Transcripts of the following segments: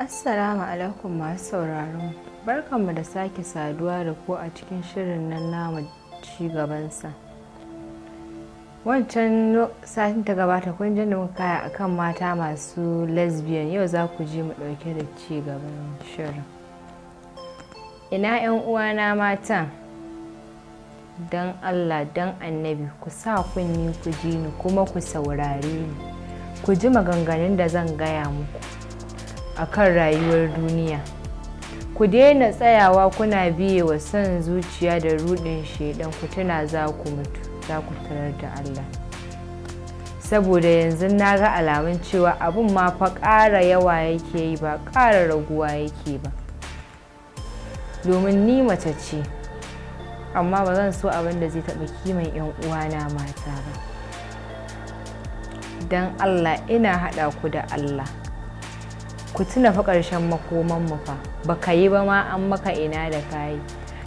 Assalamu alaikum masu sauraron barkanmu da sake saduwa da ku a cikin shirin nan namu ci Wancan satin ta gabata kun ji muka kaya akan mata masu lesbian yau za ku ji mu ɗauke da cigaban shirin. Ina 'yan uwana mata? don Allah don annabi ku sa kunni ku ji ni kuma ku saurare ni ku ji maganganun da zan gaya muku. a kan rayuwar duniya ku daina tsayawa kuna biye wa son zuciya da rudin shaidan ku tuna za ku mutu za ku tarar da Allah saboda yanzu na ga alamun cewa abin ma fa ƙara yawa yake yi ba ƙara raguwa yake ba domin ni mace ce amma ba zan so abin da zai taɓa kiman 'yan uwana mata ba don Allah ina haɗa ku da Allah ku tuna fa ƙarshen makoman mu fa baka yi ba ma an maka ina da kayi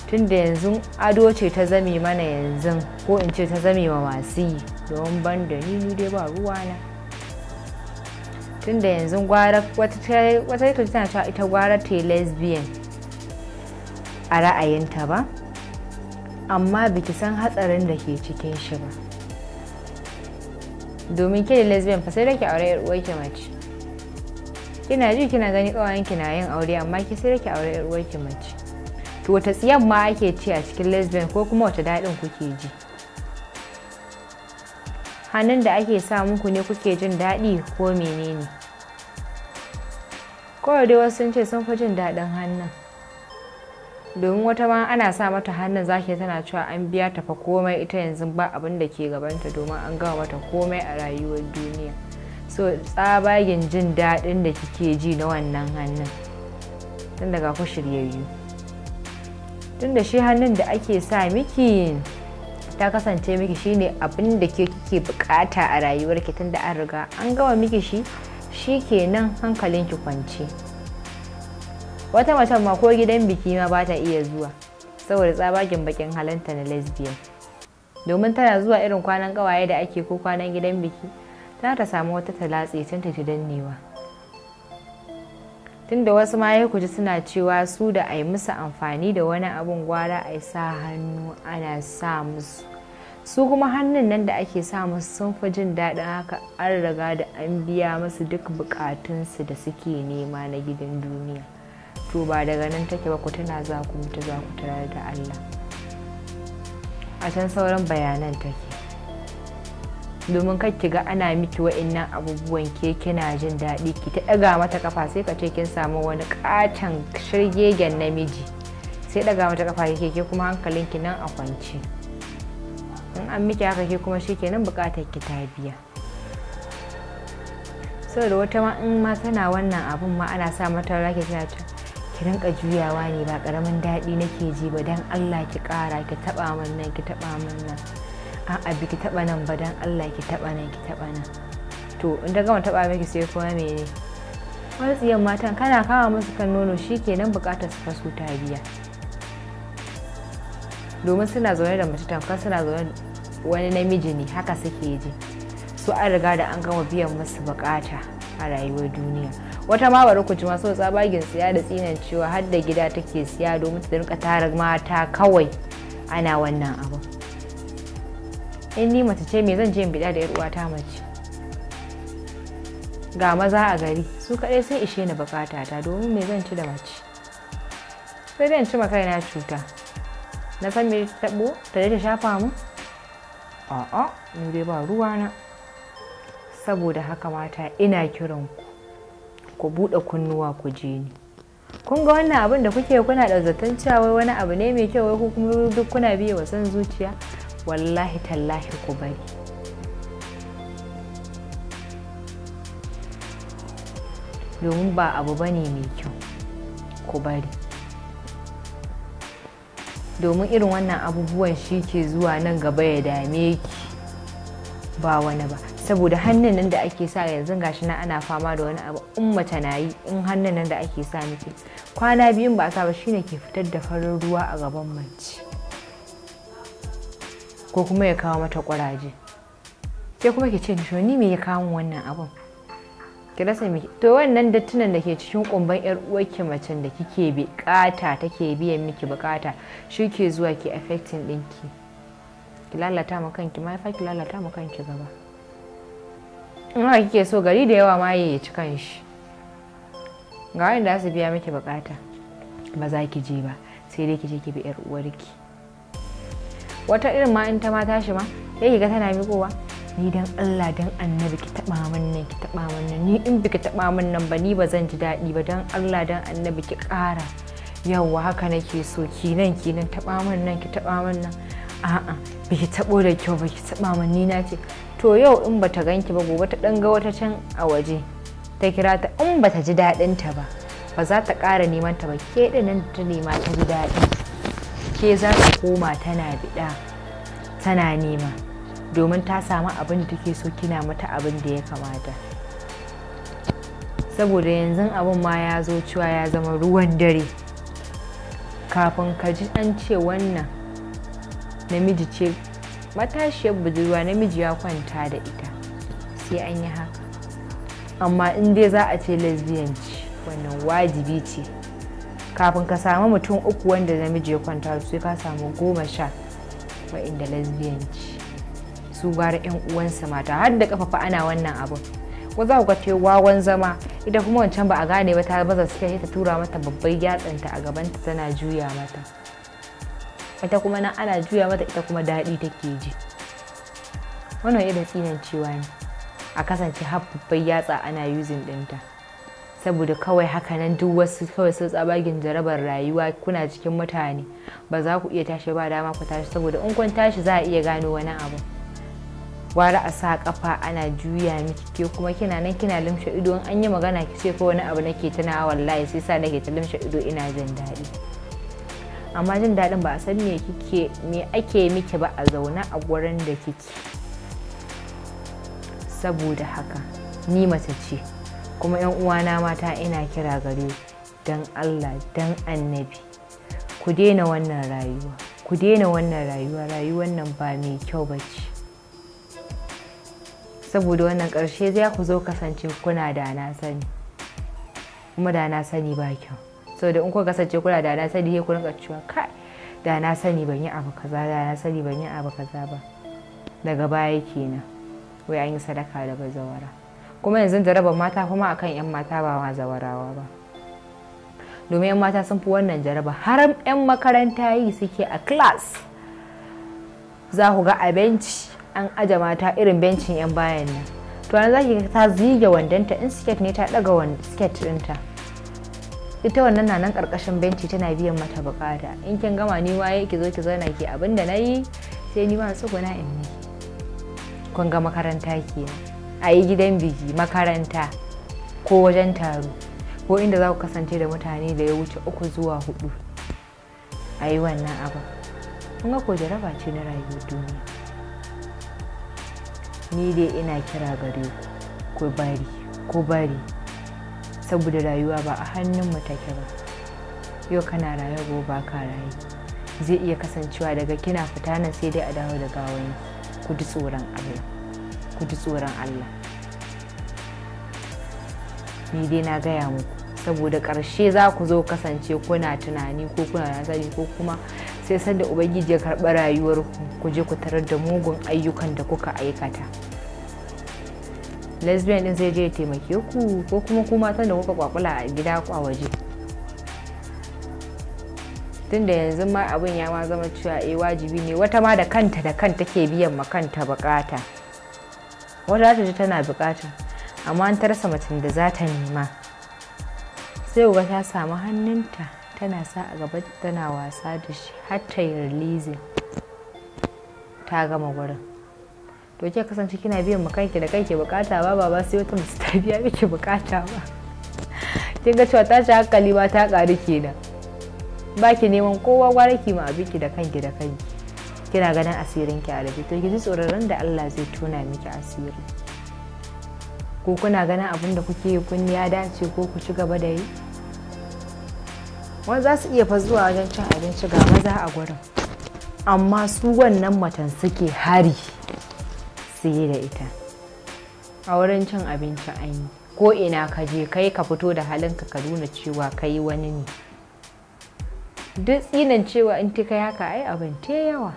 tunda yanzu ado ce ta zame mana yanzu ko in ce ta zame wa masu yi domin ban da ni ni dai ba ruwa na tunda yanzu gwara wata ta tana cewa ita gwara ta lesbian a ra'ayinta ba amma biki san hatsarin da ke cikin shi ba domin ke da lesbian fa sai da ke aure yar ke mace kina ji kina gani kawayen kina yin aure amma ki sai ki aure yar uwarki mace to wata tsiyan ma ake ci a cikin lesbian ko kuma wata daɗin kuke ji hannun da ake sa muku ne kuke jin daɗi ko menene kawai dai wasu sun ce sun fi jin daɗin hannun domin wata ma ana sa mata hannun zaki tana cewa an biya ta fa komai ita yanzu ba abin da ke gabanta domin an gama mata komai a rayuwar duniya so tsabagen jin daɗin da kike ji na wannan hannun tun daga ku shiryayyu tun da shi hannun da ake sa miki ta kasance miki shine abin da ke kike bukata a rayuwarki tun da an riga an gama miki shi shi kenan hankalinki kwance wata macen ma ko gidan biki ma ba ta iya zuwa saboda tsabagen bakin halanta na lesbian domin tana zuwa irin kwanan kawaye da ake ko kwanan gidan biki za ta samu wata talatsi tun ta ji dannewa da wasu ma ya kuji suna cewa su da a yi musu amfani da wani abun gwara a sa hannu ana sa musu su kuma hannun nan da ake sa musu sun fi jin daɗin haka an riga da an biya musu duk bukatunsu da suke nema na gidan duniya to ba daga nan take ba ku tana za ku mutu za ku tarar da allah a can sauran bayanan take domin kar ki ga ana miki wa'annan abubuwan ke kina jin daɗi ki ta ɗaga mata kafa sai ka ce kin samu wani katon shirgegen namiji sai ɗaga mata kafa ke ke kuma hankalin ki nan a kwance in an miki haka ke kuma shikenan buƙatar ki ta biya saboda wata ma in ma tana wannan abun ma ana sa mata rake kina ta ki rinka juyawa ne ba ƙaramin daɗi nake ji ba don Allah ki ƙara ki taɓa min nan ki taɓa min nan a'a biki taba nan ba dan Allah ki taba nan ki taba nan to in ta gama taba miki sai kuma mene wani tsiyan matan kana kama musu kan nono shikenan bukatar su faso ta biya domin suna zaune da mace tamkar suna zaune wani namiji ne haka suke ji su an riga da an gama biyan musu bukata a rayuwar duniya wata ma bari ku ji masu tsabagen siya da tsinan cewa har da gida take siya domin ta rinka tara mata kawai ana wannan abin in ni mace ce me zan je in bida da yar uwata mace ga maza a gari su kaɗai sun ishe ni bukata ta domin me zan ci da mace sai dai in ci kaina cuta na san me tabo ta ta shafa mu a'a ni dai ba ruwa na saboda haka mata ina kiran ku ku buɗe kunnuwa ku je ni kun ga wannan abin da kuke kuna da cewa wani abu ne mai kyau wai ku kuma duk kuna biye wa san zuciya wallahi tallahi ku bari domin ba abu ba ne mai kyau ku bari domin irin wannan abubuwan shi ke zuwa nan gaba ya dame ki ba wani ba saboda hannun nan da ake sa yanzu gashi na ana fama da wani abu in mace na yi in hannun nan da ake sa miki kwana biyun ba sa ba shine ke fitar da farin ruwa a gaban mace ko kuma ya kawo mata ƙwaraje ke kuma ki ce to ni me ya kawo wannan abun ki rasa miki to wannan dattunan da ke cikin kumban yar uwarki macen da kike bukata take biyan miki bukata shi ke zuwa ki affecting dinki ki lalata mu kanki ma fa ki lalata ma kanki gaba in haka kike so gari da yawa ma ya ci kanshi ga wanda za su biya miki bukata ba za ki je ba sai dai ki je ki bi yar uwarki wata irin ma in ta ma tashi ma sai ga tana miƙowa ni dan Allah dan annabi ki taba min nan ki taba min nan ni in biki taba min nan ba ni ba zan ji daɗi ba dan Allah dan annabi ki ƙara yawwa haka nake so ki nan ki nan taba min nan ki taba min nan a'a biki tabo da kyau ba ki taba min ni na ce to yau in bata ganki ba gobe ta ɗan ga wata can a waje ta kira ta in bata ji daɗin ta ba ba za ta ƙara neman ta ba ke nan ta nema ta ji daɗi ce za ta koma tana biɗa tana nema domin ta samu abin da take so kina mata abin da ya kamata saboda yanzu abin ma ya zo cewa ya zama ruwan dare kafin ka ji an ce wannan namiji ce matashiyar budurwa namiji ya kwanta da ita sai an yi haka amma in dai za a ce lesbian ce wannan wajibi ce kafin ka samu mutum uku wanda namiji ya kwanta sai ka samu goma sha wa'inda lesbianci su gara yan uwansa mata har da kafafa ana wannan abin ko za ku ga wawan zama ita kuma wancan ba a gane ba ta baza suka ta tura mata babbar yatsanta a gabanta tana juya mata ita kuma nan ana juya mata ita kuma daɗi take ji wannan irin tsinan cewa ne a kasance har babbar yatsa ana using ɗinta. saboda kawai hakanan duk wasu kawai sun tsabagin jarabar rayuwa kuna cikin mutane ba za ku iya tashi ba dama ku tashi saboda in kun tashi za a iya gano wani abu wara a sa kafa ana juya miki ke kuma kina nan kina limshe ido in an yi magana ki ce ko wani abu nake tana wallahi sai sa nake ta limshe ido ina jin daɗi amma jin daɗin ba a san me kike me ake miki ba a zauna a gurin da kike saboda haka ni mace ce kuma yan uwana mata ina kira gare ku dan Allah dan annabi ku daina wannan rayuwa ku daina wannan rayuwa rayuwar nan ba mai kyau ba ce saboda wannan ƙarshe za ku zo kasance kuna da na sani kuma da na sani ba kyau saboda in ku kasance kuna da na sani sai ku rinka cewa kai da na sani ban yi abu kaza da na sani ban yi abu kaza ba daga baya kenan wai an yi sadaka da bazawara kuma yanzu jarabar mata kuma akan 'yan mata ba ma zawarawa ba domin 'yan mata sun fi wannan jaraba har 'yan makaranta yi suke a class za ku ga a benci an aje mata irin bencin 'yan bayan nan to yanzu za ki ta zige ta? in siket ne ta daga siket ɗinta ita wannan na nan karkashin benci tana biyan mata bukata in kin gama ni waye ki zo ki zauna ki abin da nayi sai ni ma tsuguna in ni kun ga makaranta kenan a yi gidan biki makaranta ko wajen taro ko inda za ku kasance da mutane da ya wuce uku zuwa hudu a yi wannan abin kuma ko jaraba ce na rayuwar duniya ni dai ina kira gare ku ku bari ku bari saboda rayuwa ba a hannun mu take ba yau kana raye ko ba ka raye zai iya kasancewa daga kina fita nan sai dai a dawo da gawayi ku ji tsoron Allah ku ji tsoron Allah ni dai na gaya muku saboda ƙarshe za ku zo kasance kuna tunani ko kuna nazari ko kuma sai sanda ubangiji ya karɓi rayuwar ku je ku tarar da mugun ayyukan da kuka aikata lesbian din zai je ya taimake ku ko kuma ku matan da kuka kwakula a gida ku a waje tun da yanzu ma abin ya ma zama cewa eh wajibi ne wata ma da kanta da kanta ke biyan ma kanta bukata wata za ta ji tana bukata amma an rasa macin da za ta nema sai uba ta samu hannunta tana sa a gaba tana wasa da shi har ta yi releasing ta gama gurin to ke kasance kina biyan mu kanki da kanki bukata ba ba sai wata musu ta biya miki bukata ba kin ga cewa ta tashi hankali ba ta ƙari kenan ba ki neman kowa gwara ki ma abinki da kanki da kanki kina ganin asirin ki a rabi to ki ji tsoron da Allah zai tona miki asiri ko kuna ganin abin da kuke yi kun ya dace ko ku ci gaba da yi wani za su iya fa zuwa wajen cin abinci ga maza a gurin amma su wannan matan suke hari su yi da ita a wurin cin abinci an yi ko ina ka je kai ka fito da halinka ka nuna cewa ka yi wani ne duk tsinan cewa in tika haka ai abin te yawa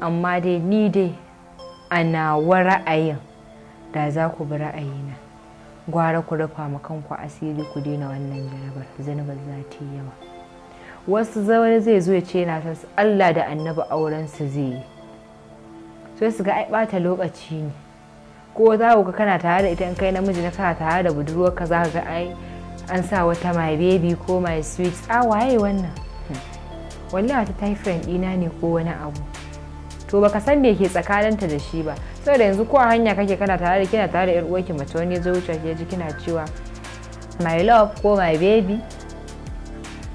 amma dai ni dai a nawa ra'ayin da za ku bi ra'ayina gwara ku rufa ma kanku asiri ku daina wannan jarabar zanubar za ta yi yawa wasu zaune zai zo ya ce yana san Allah da annabi auren su zai yi sai su ga ai bata lokaci ne ko za ku ga kana tare da ita in kai namiji na kana tare da budurwa ka za ka ga ai an sa wata my baby ko my sweet a waye wannan wallahi ta typhoid ɗina ne ko wani abu to baka san me ke tsakaninta da shi ba saboda yanzu ko a hanya kake kana tare da kina tare da yar uwarki mace wani zo wuce ke ji kina cewa my love ko my baby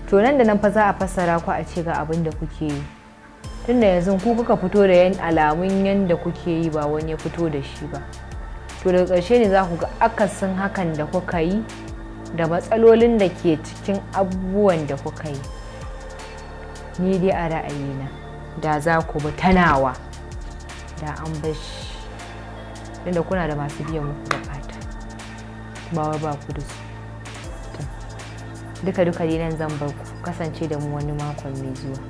to nan da nan fa za a fassara ku a ce ga abin da kuke yi tunda yanzu ku kuka fito da yan alamun yanda kuke yi ba wani ya fito da shi ba to daga ƙarshe ne za ku ga akasin hakan da kuka yi da matsalolin da ke cikin abubuwan da kuka yi ni dai a ra'ayina. da za ku bi tanawa da an bashi inda kuna da masu biyan muku da fata bawa ba ku da su duka duka nan zan bar ku kasance da mu wani makon mai zuwa